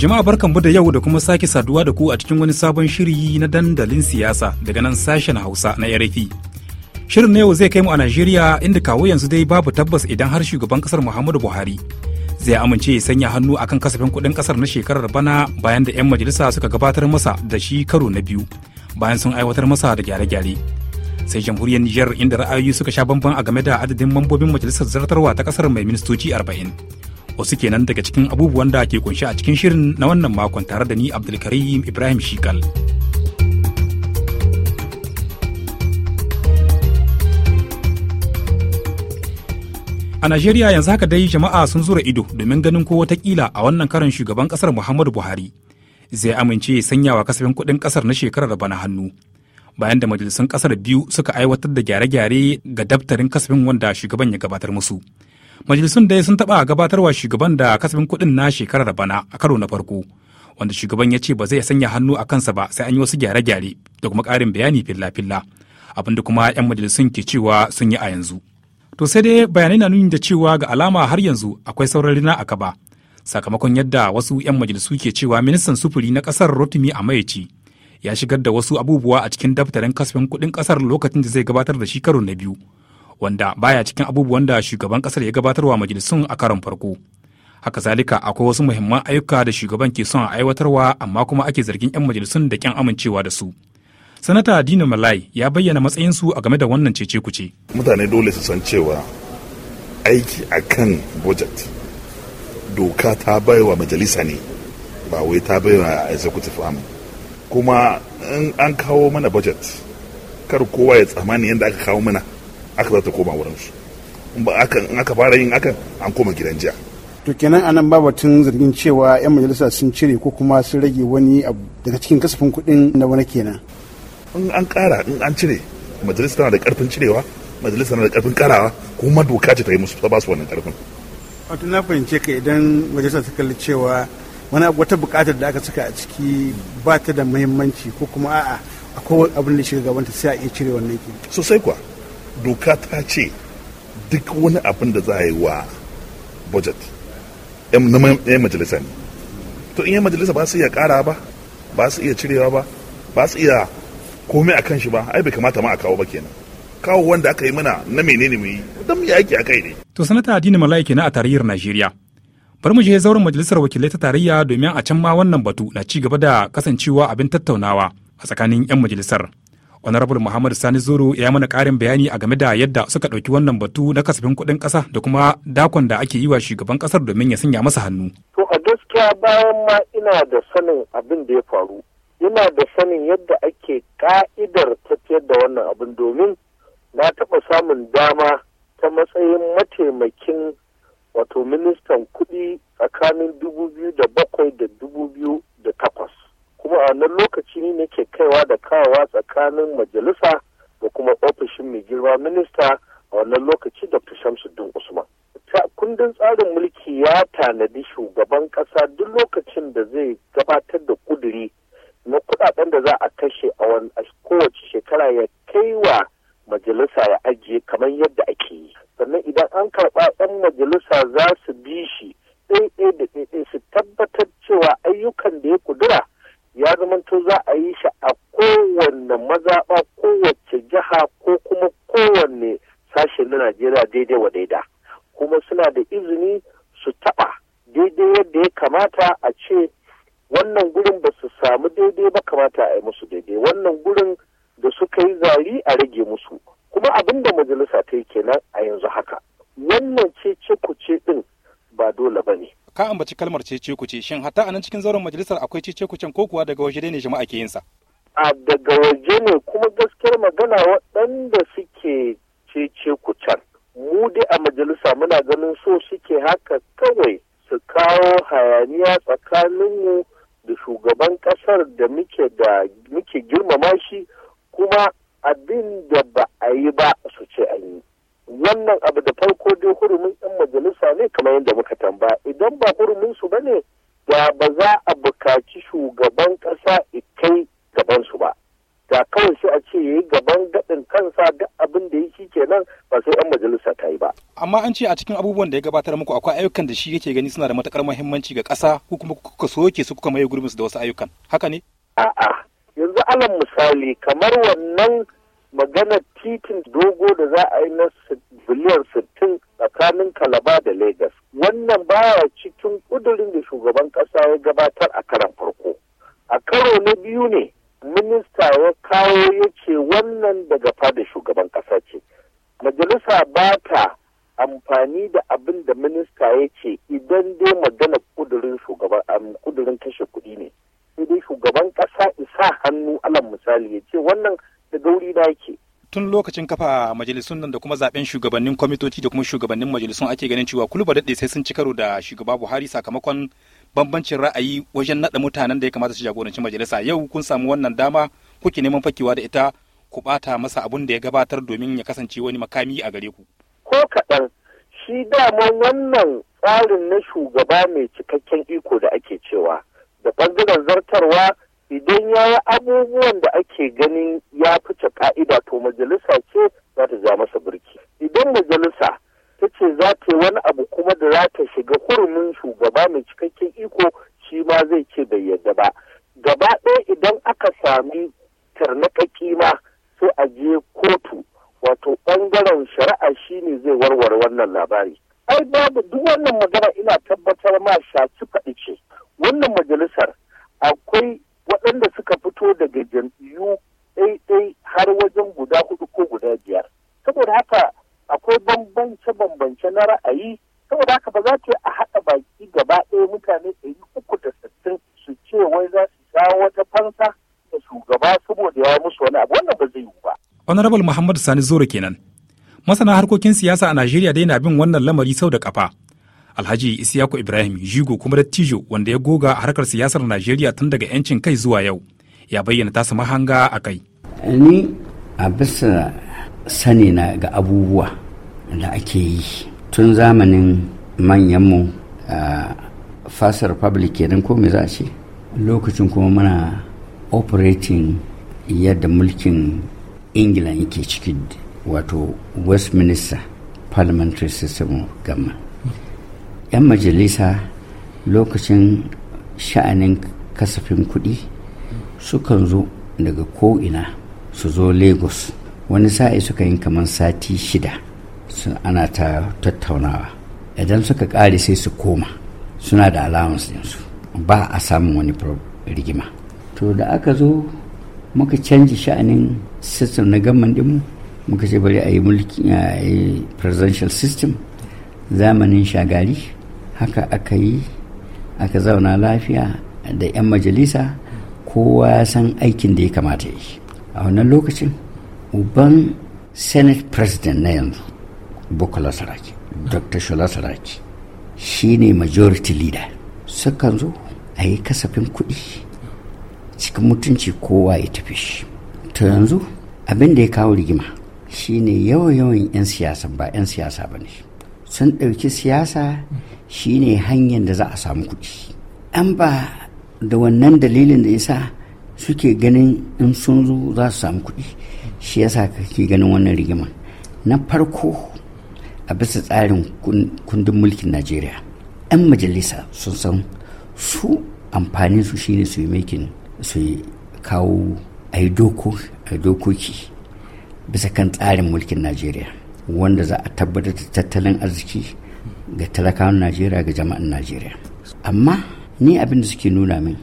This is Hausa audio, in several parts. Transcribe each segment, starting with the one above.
Jama'a barkanmu da yau da kuma sake saduwa da ku a cikin wani sabon shiri na dandalin siyasa daga nan sashen Hausa na RFI. Shirin na yau zai kai mu a Najeriya inda kawo yanzu dai babu tabbas idan har shugaban kasar Muhammadu Buhari zai amince ya sanya hannu akan kasafin kuɗin kasar na shekarar bana bayan da 'yan majalisa suka gabatar masa da shi karo na biyu bayan sun aiwatar masa da gyare-gyare. Sai jamhuriyar Nijar inda ra'ayoyi suka sha bamban a game da adadin mambobin majalisar zartarwa ta kasar mai ministoci arba'in. wasu kenan daga cikin abubuwan da ke kunshi a cikin shirin na wannan makon tare da ni abdulkarim ibrahim shikal A Najeriya yanzu haka dai jama'a sun zura ido domin ganin ko watakila a wannan karin shugaban kasar Muhammadu Buhari zai amince ya sanya wa kasafin kudin kasar na shekarar bana hannu. Bayan da majalisun kasar biyu suka aiwatar da gyare-gyare ga daftarin kasafin wanda shugaban ya gabatar musu. majalisun dai sun taɓa gabatarwa shugaban da kasafin kuɗin na shekarar bana a karo na farko wanda shugaban ya ce ba zai sanya hannu a kansa ba sai an yi wasu gyare-gyare da kuma ƙarin bayani filla-filla abinda kuma 'yan majalisun ke cewa sun yi a yanzu. To sai dai bayanai na nuni da cewa ga alama har yanzu akwai sauran rina a kaba sakamakon yadda wasu 'yan majalisu ke cewa ministan sufuri na ƙasar Rotimi a mayaci ya shigar da wasu abubuwa a cikin daftarin kasafin kuɗin ƙasar lokacin da zai gabatar da shi karo na biyu wanda baya cikin abubuwan da shugaban kasar ya gabatarwa majalisun a karon farko haka zalika akwai wasu muhimman ayyuka da shugaban ke son a aiwatarwa amma kuma ake zargin 'yan majalisun da kyan amincewa da su sanata dina malai ya bayyana matsayinsu a game da wannan cece kuce mutane dole su san cewa aiki a kan budget doka ta baiwa majalisa ne ba wai ta baiwa executive arm kuma in an kawo mana budget kar kowa ya tsammani yadda aka kawo mana aka za ta koma wurinsu in ba aka fara yin hakan an koma gidan jiya to kenan anan ba batun zargin cewa 'yan majalisa sun cire ko kuma sun rage wani abu daga cikin kasafin kuɗin na wani kenan in an ƙara in an cire majalisa tana da ƙarfin cirewa majalisa tana da ƙarfin ƙarawa kuma doka ce ta yi musu ta ba su wannan ƙarfin wato na fahimce ka idan majalisa ta kalli cewa wani wata buƙatar da aka saka a ciki ba ta da muhimmanci ko kuma a'a akwai abin da shiga gabanta sai a iya cire wannan kenan sosai kuwa doka ta ce duk wani abin da za a yi wa budget na majalisa ne to in yan majalisa ba su iya kara ba ba su iya cirewa ba ba su iya komai a kan shi ba ai bai kamata ma a kawo ba kenan kawo wanda aka yi mana na menene mu yi don mu aiki a kai ne to sanata addini mala'ike na a tarayyar najeriya bari mu je zauren majalisar wakilai ta tarayya domin a can ma wannan batu na ci gaba da kasancewa abin tattaunawa a tsakanin 'yan majalisar honorable muhammad sani zuru ya mana karin bayani a game da yadda suka ɗauki wannan batu na kasafin kuɗin ƙasa da kuma dakon da ake yi wa shugaban ƙasar domin ya sanya masa hannu to a gaskiya bayan ma ina da sanin abin da ya faru ina da sanin yadda ake ka'idar tafiyar da wannan abin domin na taɓa samun dama ta matsayin mataimakin wato ministan kuɗi tsakanin dubu biyu da bakwai da dubu biyu da takwas kuma a wannan lokaci ne nake kaiwa da kawawa tsakanin majalisa da kuma ofishin mai girma minista a wannan lokaci dr shamsuddin usman kundin tsarin mulki ya tanadi shugaban kasa duk lokacin da zai gabatar da kuduri na kudaden da za a kashe a kowace shekara ya kai wa majalisa ya ajiye kamar yadda ake yi sannan idan an karɓa 'yan majalisa za su bi shi ɗaiɗai da ɗaiɗai su tabbatar cewa ayyukan da ya kudura ya zamanto za a yi shi a kowanne mazaɓa kowace jiha ko kuma kowanne sashe na najeriya daidai wa daida kuma suna da izini su taɓa daidai yadda ya kamata a ce wannan gurin ba su samu daidai ba kamata a yi musu daidai wannan gurin da suka yi zari a rage musu kuma abin da majalisa ta yi kenan a yanzu haka wannan ce ce ku ce ɗin ba dole ba ne ka ambaci kalmar cece kuce shin hatta anan cikin zauren majalisar akwai cece kucen ko kuwa daga waje ne jama'a ke yin a daga waje ne kuma gaskiyar magana waɗanda suke cece kucen mu dai a majalisa muna ganin so suke haka kawai su kawo hayaniya tsakanin mu da shugaban ƙasar da muke girmama shi kuma abin da ba a yi ba su ce an yi wannan abu da farko dai hurumin 'yan majalisa ne kamar yadda muka tambaya idan ba hurumin su bane da ba za a bukaci shugaban ƙasa kai gaban su ba da kawai sai a ce ya yi gaban gaɗin kansa ga abin da yake kenan ba sai 'yan majalisa ta yi ba amma an ce a cikin abubuwan da ya gabatar muku akwai ayyukan da shi yake gani suna da matukar muhimmanci ga ƙasa ko kuma kuka soke su kuka maye gurbinsu da wasu ayyukan haka ne a'a yanzu alal misali kamar wannan maganar titin dogo da za a yi na biliyan sittin tsakanin kalaba da Legas. Wannan baya cikin kudurin da shugaban ƙasa ya gabatar a karan farko. A karo na biyu ne, minista ya kawo ya ce wannan daga fada shugaban ƙasa ce. Majalisa ba ta amfani da abin da minista ya ce idan dai magana kudurin kashe kudi ne. Sai dai shugaban kasa isa hannu allan misali ya ce wannan dace. tun lokacin kafa majalisun nan da kuma zaben shugabannin kwamitoci da kuma shugabannin majalisun ake ganin cewa kulba daɗe sai sun ci karo da shugaba buhari sakamakon bambancin ra'ayi wajen naɗa mutanen da ya kamata su jagoranci majalisa yau kun samu wannan dama kuke neman fakewa da ita ku ɓata masa abun da ya gabatar domin ya kasance wani makami a gare ku. ko kaɗan shi dama wannan tsarin na shugaba mai cikakken iko da ake cewa da ɓangaren zartarwa idan ya yi abubuwan da ake ganin ya fice ka'ida to majalisa ce za ta ja masa birki idan majalisa ta ce za ta yi wani abu kuma da za ta shiga hurumin shugaba mai cikakken iko shi ma zai ce bai yadda ba gaba ɗaya idan aka sami tarnaka ma sai a je kotu wato ɓangaren shari'a shine zai warware wannan labari ai babu duk wannan magana ina tabbatar ma shaci faɗi ce wannan majalisar akwai waɗanda suka fito daga jam'iyyu ɗaiɗai har wajen guda hudu ko guda biyar saboda haka akwai bambance-bambance na ra'ayi saboda haka ba za ta a haɗa baki gaba ɗaya mutane ɗari uku da sittin su ce wai za su sha wata fansa da shugaba saboda ya musu wani abu wannan ba zai yiwu ba. honorable muhammad sani zoro kenan masana harkokin siyasa a najeriya dai na bin wannan lamari sau da kafa Alhaji Isiyaku Ibrahim Jigo kuma dattijo wanda ya goga a harkar siyasar Najeriya tun daga 'yancin kai zuwa yau ya bayyana tasa mahanga a kai. Ni a bisa sani na ga abubuwa da ake yi tun zamanin manyanmu a fasa republic kenan ko me za a ce lokacin kuma muna operating yadda mulkin ingila yake cikin wato westminster parliamentary system gama. 'yan majalisa lokacin sha'anin kasafin kuɗi sukan zo daga ko'ina su zo lagos wani sa'i suka yi kamar sati shida su ana ta tattaunawa idan suka kare sai su koma suna da allowance dinsu ba a samun wani rigima to da aka zo muka canji sha'anin system na gamman dinmu muka ce bari a yi mulki a yi presidential system zamanin shagari haka aka yi aka zauna lafiya da 'yan majalisa kowa ya san aikin da ya kamata yi a wannan lokacin uban senate president na yanzu bukola saraki dr shola saraki shi ne majority leader sukan zo a yi kasafin kuɗi cikin mutunci kowa ya tafi shi to yanzu abin da ya kawo rigima shine yawan yawan 'yan siyasa ba 'yan siyasa ba ne sun ɗauki siyasa Shi ne hanyar da za a samu kuɗi an ba da wannan dalilin da yasa suke ganin in sun zo za su samu kuɗi shi yasa kake ganin wannan rigima na farko a bisa tsarin kundin mulkin najeriya 'yan majalisa sun san su amfanin su shine su yi makin su kawo a yi dokoki bisa kan tsarin mulkin najeriya wanda za a tabbatar da tattalin arziki ga talakawan najeriya ga jama'an najeriya amma ni abin da suke nuna min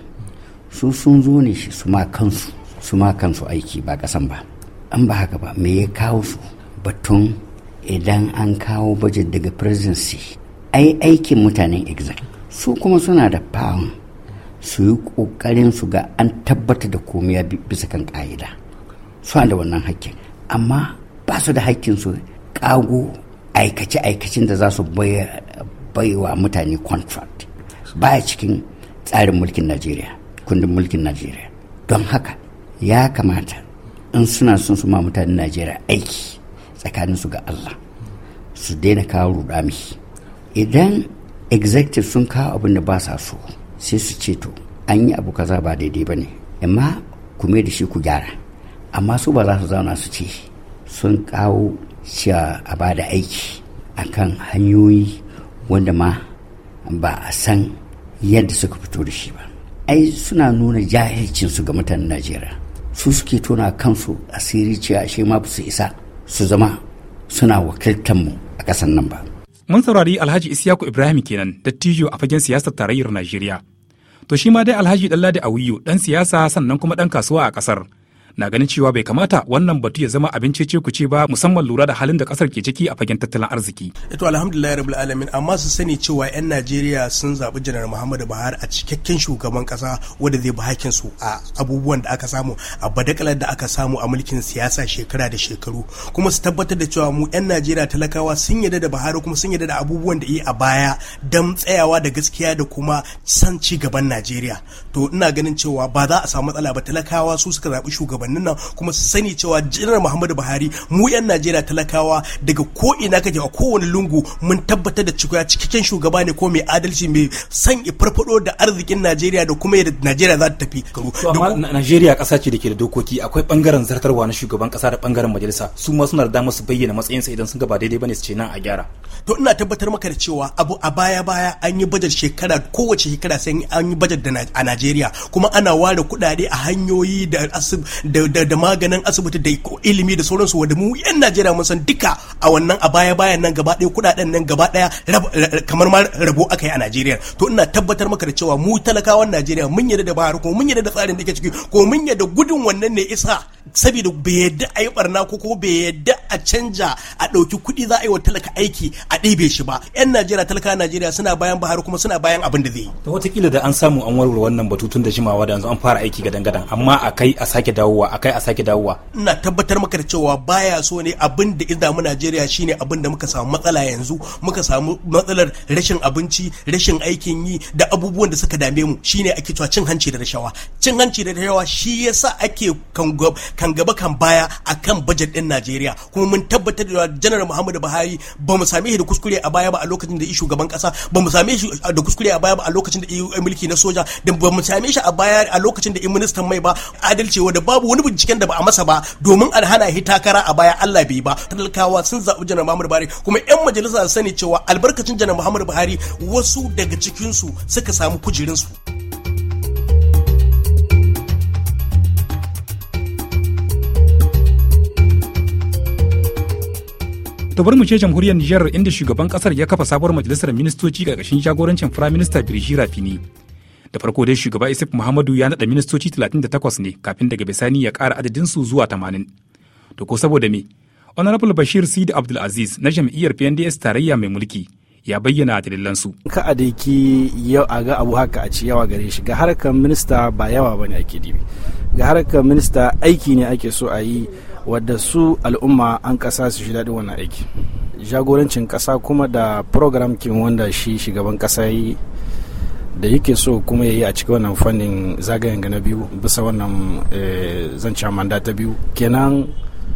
su sun zo ne su ma kansu su ma kansu aiki ba kasan ba an ba haka ba me ya kawo su batun idan an kawo bajet daga presidency ai aikin mutanen exec su kuma suna da fahim su yi kokarin su ga an tabbata da komiya bisa kan ka'ida su da wannan hakkin amma ba su da hakkin su kago aikace-aikacin da za su baiwa mutane contract baya cikin tsarin mulkin najeriya kundin mulkin najeriya don haka ya kamata in suna son su ma mutanen najeriya aiki tsakaninsu ga allah su daina kawo rudami idan executive sun kawo abin da ba sa so sai su ce to an yi abu kaza ba daidai ba ne amma ku da shi ku gyara amma su ba za su zauna su ce sun kawo cewa a ba da aiki kan hanyoyi wanda ma ba a san yadda suka fito da shi ba ai suna nuna jahilcinsu ga mutanen najeriya su suke tona kansu asiri cewa shi ma su isa su zama suna wakiltanmu a ƙasar nan ba mun saurari alhaji isiyaku ibrahim kenan dattijo a fagen siyasar tarayyar najeriya to shi ma dai alhaji dallade awiyu dan siyasa sannan kuma dan kasuwa a kasar. na ganin cewa bai kamata wannan batu ya zama abin cece ce ba musamman lura da halin da kasar ke ciki a fagen tattalin arziki. Ito eh alhamdulillah rabbil alamin amma su sani cewa 'yan Najeriya sun zaɓi janar Muhammadu Buhari a cikakken shugaban kasa wanda zai bi hakkin su a abubuwan da aka samu a badakalar da aka samu a mulkin siyasa shekara da shekaru kuma su tabbatar da cewa mu 'yan Najeriya talakawa sun yarda da Buhari kuma sun yarda da abubuwan da yi a baya dan tsayawa da gaskiya da kuma san ci gaban Najeriya to ina ganin cewa ba za a samu matsala ba talakawa su suka zaɓi shugaban shugabannin nan kuma su sani cewa janar muhammadu buhari mu yan najeriya talakawa daga ko ina kake a kowane lungu mun tabbatar da cewa cikakken shugaba ne ko mai adalci mai san farfado da arzikin najeriya da kuma yadda najeriya za ta tafi najeriya kasa ce da ke da dokoki akwai bangaren zartarwa na shugaban kasa da bangaren majalisa su ma suna da damar su bayyana matsayinsa idan sun ga ba daidai bane su ce nan a gyara to ina tabbatar maka da cewa abu a baya baya an yi bajar shekara kowace shekara sai an yi bajar a najeriya kuma ana ware kuɗaɗe a hanyoyi da da maganin asibiti da ko ilimi da sauransu wanda mu yan Najeriya mun san duka a wannan a baya bayan nan gaba ɗaya kuɗaɗen nan gaba ɗaya kamar ma rabo aka yi a Najeriya to ina tabbatar maka da cewa mu talakawan Najeriya mun yadda da bahar ko mun yadda da tsarin da ke ciki ko mun yadda gudun wannan ne isa saboda bai yadda a yi barna ko ko bai yadda a canja a ɗauki kuɗi za a yi wa talaka aiki a ɗebe shi ba yan najeriya talaka najeriya suna bayan bahar kuma suna bayan abin da zai yi to watakila da an samu an warware wannan batu tun da jimawa da yanzu an fara aiki gadan gadan amma a kai a sake dawowa a kai a sake dawowa ina tabbatar maka da cewa baya so ne abin da idan mu najeriya shine abin da muka samu matsala yanzu muka samu matsalar rashin abinci rashin aikin yi da abubuwan da suka dame mu shine ake cewa cin hanci da rashawa cin hanci da rashawa shi yasa ake kan kan gaba kan baya a kan bajet ɗin Najeriya kuma mun tabbatar da janar Muhammadu Buhari ba mu same shi da kuskure a baya ba a lokacin da yi shugaban kasa ba mu same shi da kuskure a baya ba a lokacin da yi mulki na soja da ba mu same shi a baya a lokacin da yi ministan mai ba adalci wanda babu wani binciken da ba a masa ba domin an hana shi takara a baya Allah bai ba talakawa sun zaɓi janar Muhammadu Buhari kuma ƴan majalisa sani cewa albarkacin janar Muhammadu Buhari wasu daga cikinsu suka samu su. To bari mu ce jamhuriyar Nijar inda shugaban kasar ya kafa sabuwar majalisar ministoci karkashin jagorancin prime minister Birji Rafini. Da farko dai shugaba Isif Muhammadu ya naɗa ministoci 38 ne kafin daga bisani ya ƙara adadinsu zuwa 80. To ko saboda me? Honorable Bashir Sidi Abdulaziz na jam'iyyar PNDS tarayya mai mulki ya bayyana dalilansu. Ka a daiki yau a ga abu haka a ci yawa gare shi ga harkar minista ba yawa bane ake dibi. Ga harkar minista aiki ne ake so a yi wadda su al'umma an kasa su shi daɗi wannan aiki jagorancin ƙasa kuma da program kin wanda shi shugaban ƙasa yi da yake so kuma ya yi a cikin wannan fannin zagayen gana biyu bisa wannan eh, zancen manda ta biyu kenan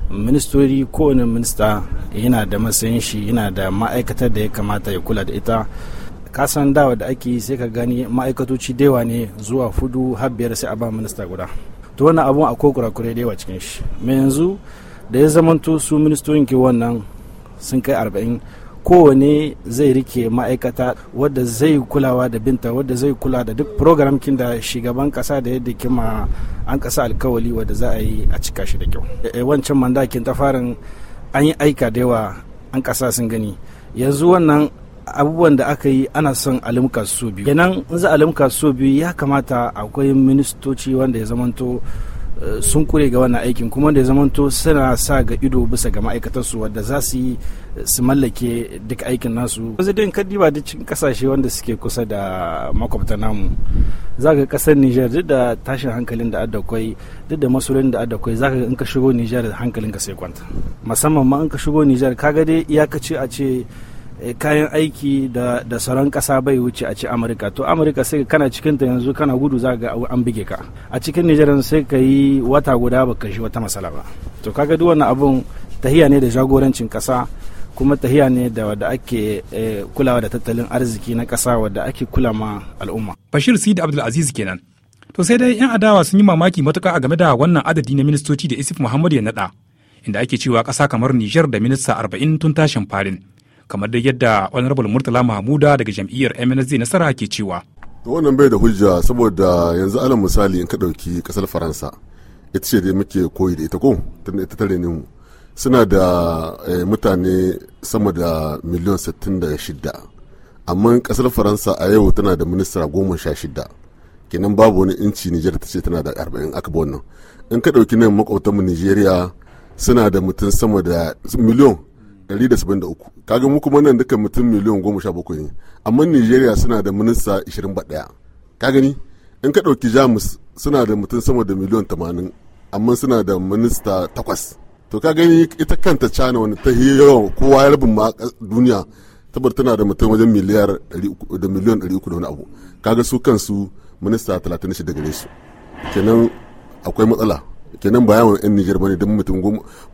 ministori kowane minista yana da matsayin shi yana da ma'aikatar da ya kamata ya kula da ita kasan dawa da ake sai ka gani ma'aikatoci dewa ne zuwa fudu har biyar sai a ba minista guda to wannan abun kokura kure da yawa cikin shi mai yanzu da ya zamanto su ministoyin ke wannan sun kai arba'in kowane zai rike ma'aikata wadda zai kulawa da binta wadda zai kula da duk program kin da shugaban kasa da yadda kima an kasa alkawali wadda za a yi a cika shi da kyau eh, eh, wancan mandakin ta farin an yi aika da yawa an kasa sun gani yanzu wannan abubuwan da aka yi ana son alimka su biyu kenan in za alimka su biyu ya kamata akwai ministoci wanda ya zamanto eh, sun kure ga wannan aikin kuma da ya zamanto suna sa ga ido bisa ga ma'aikatarsu wadda za su yi eh, su mallake duk aikin nasu wasu din kaddi ba duk cikin kasashe wanda suke kusa da makwabta namu za ka kasar niger duk da tashin hankalin da adakwai duk da masulin da adakwai za ka in ka shigo niger ka sai kwanta musamman ma in ka shigo niger ga dai iyakaci a ce Eh, kayan aiki da, da sauran ƙasa bai wuce a ci amurka to amurka sai kana cikin ta yanzu kana gudu za ga an bige ka a cikin nijar sai ka yi wata guda ba ka shi wata masala ba to kaga duk wannan abun tahiya ne da jagorancin kasa kuma tahiya ne da wadda ake eh, kulawa da tattalin arziki na kasa wadda ake kula ma al'umma. Bashir Sidi Abdulaziz kenan. To sai dai 'yan adawa sun yi mamaki matuka a game da wannan adadi na ministoci da Isif Muhammadu ya naɗa, inda ake cewa kasa kamar Nijar da minista arba'in tun tashin farin. kamar da yadda honorable murtala mahmuda daga jam'iyyar mnsd nasara ke cewa to wannan bai da hujja saboda yanzu alal misali in ka ɗauki ƙasar faransa ita ce dai muke koyi da ita ko ita tare ne mu suna da eh, mutane sama da miliyan 66 amma ƙasar faransa a yau tana da minista goma sha shida kenan babu wani inci nijar ta ce tana da 40 aka wannan in ka ɗauki nan makwabtanmu nijeriya suna da mutum sama da miliyon 173 kaga mu kuma nan duka mutum miliyan 17 ne amma nigeria suna da minista 21 ka gani in ka ɗauki jamus suna da mutum sama da miliyan 80 amma suna da minista 8 to ka gani ita kanta china wani ta yawan kowa ya rabin ma duniya tabar tana da mutum wajen miliyar da miliyan 300 da wani abu kaga su kansu minista 36 gare su kenan akwai matsala kenan ba yawan yan Nijar bane don mutum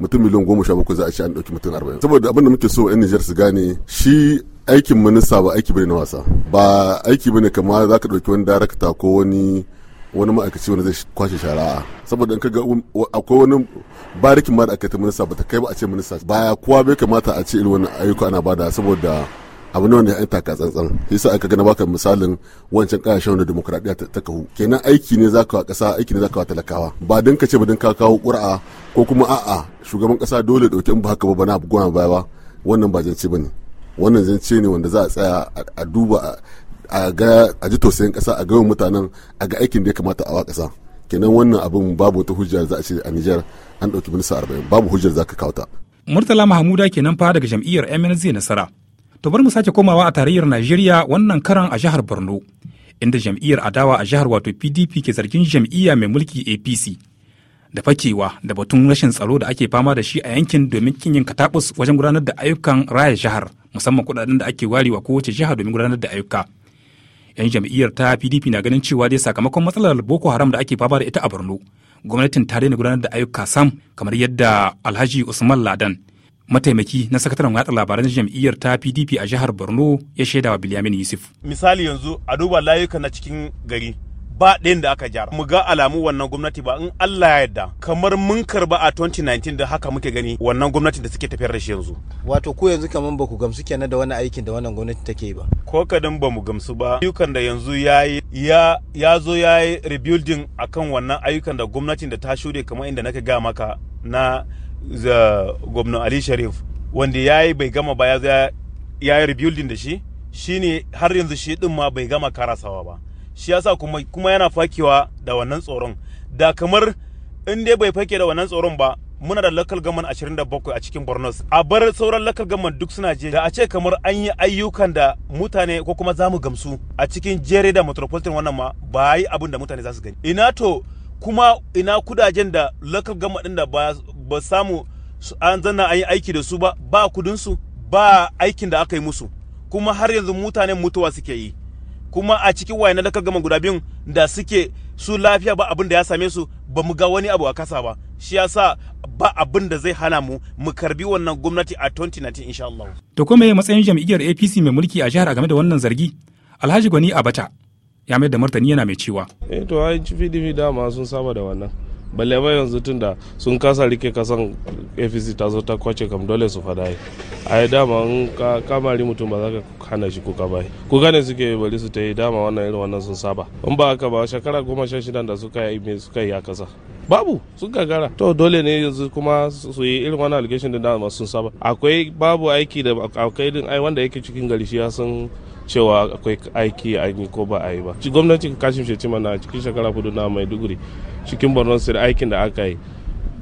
mutum miliyan goma sha bakwai za a ce an ɗauki mutum arba'in saboda abin da muke so yan Nijar su gane shi aikin minista ba aiki bane na wasa ba aiki bane kama za ka ɗauki wani darakta ko wani wani ma'aikaci wanda zai kwashe shara'a saboda in ga um, akwai wani barikin ma da aka ta minista ba ta kai ba a ce minista baya kowa bai kamata a ce irin wani ayyuka ana bada saboda abu ne wanda ya taka tsantsan yasa aka gana baka misalin wancan kasashen da demokradiya ta kahu kenan aiki ne za wa kasa aiki ne za wa talakawa ba don ka ce ba don ka kawo ƙura'a ko kuma a'a shugaban kasa dole dauke in ba haka ba bana goma baya ba wannan ba zance ne wannan zance ne wanda za a tsaya a duba a ga a ji tausayin kasa a ga mutanen a ga aikin da ya kamata a wa kasa kenan wannan abin babu wata hujjar za a ce a Nijar an dauki minista arba'in babu hujjar za ka kawo ta Murtala Mahamuda kenan fa daga jam'iyyar MNZ Nasara To bari mu sake komawa a tarayyar Najeriya wannan karan a jihar Borno, inda jam'iyyar adawa a jihar wato PDP ke zargin jam'iyya mai mulki APC da fakewa da batun rashin tsaro da ake fama da shi a yankin domin yin katabus wajen gudanar da ayyukan raya jihar musamman kudaden da ake warewa kowace jiha domin gudanar da ayyuka. 'Yan jam'iyyar ta PDP na ganin cewa dai sakamakon matsalar Boko Haram da ake fama da ita a Borno, gwamnatin ta daina gudanar da ayyuka sam kamar yadda Alhaji Usman Ladan mataimaki na sakataren watsa labaran jam'iyyar ta pdp a jihar borno ya shaida wa bilyamin yusuf misali yanzu a duba layuka na cikin gari ba ɗayan da aka gyara. mu ga alamu wannan gwamnati ba in Allah ya yarda kamar mun karba a 2019 da haka muke gani wannan gwamnatin da suke tafiyar da shi yanzu wato ko yanzu kamar ba ku gamsu kenan da wani aikin da wannan gwamnati take yi ba ko kadan ba mu gamsu ba ayyukan da yanzu ya ya zo yi rebuilding akan wannan ayyukan da gwamnatin da ta shude kamar inda naka ga maka na gwamnan ali sharif wanda ya yi bai gama ba ya yi rebuilding da shi shi ne har yanzu shi din ma bai gama karasawa ba shi yasa kuma kuma yana fakewa da wannan tsoron da kamar in dai bai fake da wannan tsoron ba muna da local government 27 a cikin bornos. a bar sauran local gaman duk suna je da a ce kamar an yi ayyukan da mutane ko kuma zamu gamsu a cikin jere da metropolitan wannan ma ba yi abin da mutane za su gani ina to kuma ina kudajen da lakar gama din da ba samu an zanna an yi aiki da su ba ba kudinsu ba aikin da aka yi musu kuma har yanzu mutane mutuwa suke yi kuma a cikin wayan lakar gama guda biyun da suke su lafiya ba abin da ya same su ba mu ga wani abu a kasa ba shi ya sa ba abin da zai hana mu mu karbi wannan gwamnati a 2019 insha Allah to kuma matsayin jam'iyyar APC mai mulki a jihar game da wannan zargi Alhaji Gwani bata. ya mai da martani yana mai cewa eh to ai pdp dama sun saba da wannan balle ba yanzu tun da sun kasa rike kasan apc ta zo ta kwace kam dole su fada ai dama in ka kamari mutum ba za ka hana shi kuka ba kuka ne suke bari su ta yi dama wannan irin wannan sun saba in ba haka ba shekara goma sha shidan da suka yi mai suka yi a kasa babu sun gagara to dole ne yanzu kuma su yi irin wannan allegation da dama sun saba akwai babu aiki da akwai din ai wanda yake cikin gari shi ya san cewa akwai aiki a yi ko ba a yi ba gwamnatin kashin shetima na cikin shekara hudu na maiduguri cikin borno sir aikin da aka yi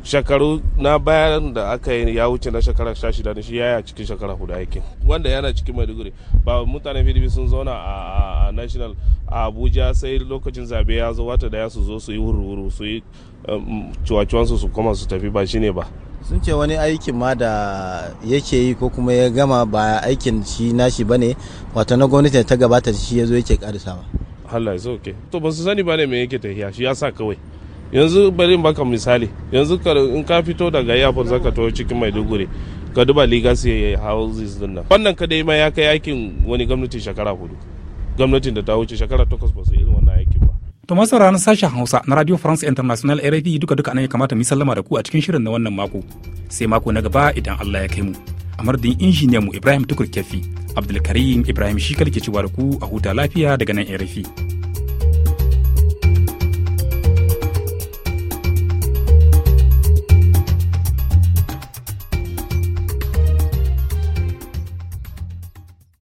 shekaru na bayan da aka yi ya wuce na shekara sha shida shi ya yi a cikin shekara hudu aikin wanda yana cikin maiduguri ba mutane pdp sun zauna a national a abuja sai lokacin zabe ya zo wata da ya su zo su yi wuru-wuru su yi um, cuwacuwansu su koma su tafi ba shine ba sun ce wani aikin ma da yake yi ko kuma ya gama ba aikin shi nashi ba ne wato na gwamnati ta gabata shi ya zo yake ba Allah ya sauke to ba su sani ba ne me yake tafiya shi ya sa kawai yanzu bari baka misali yanzu in ka fito daga airport zaka to cikin maiduguri ka duba legacy houses din nan wannan kadai ma ya kai aikin wani gwamnati shekara hudu gwamnatin da ta wuce shekara takwas ba su irin wannan aikin. To masu na sashen Hausa na Radio France International RFI duka duka nan ya kamata mu sallama da ku a cikin shirin na wannan mako. Sai mako na gaba idan Allah ya kai mu. A madadin injiniyan mu Ibrahim Tukur Kefi, Abdulkarim Ibrahim shi ke cewa da ku a huta lafiya daga nan RFI.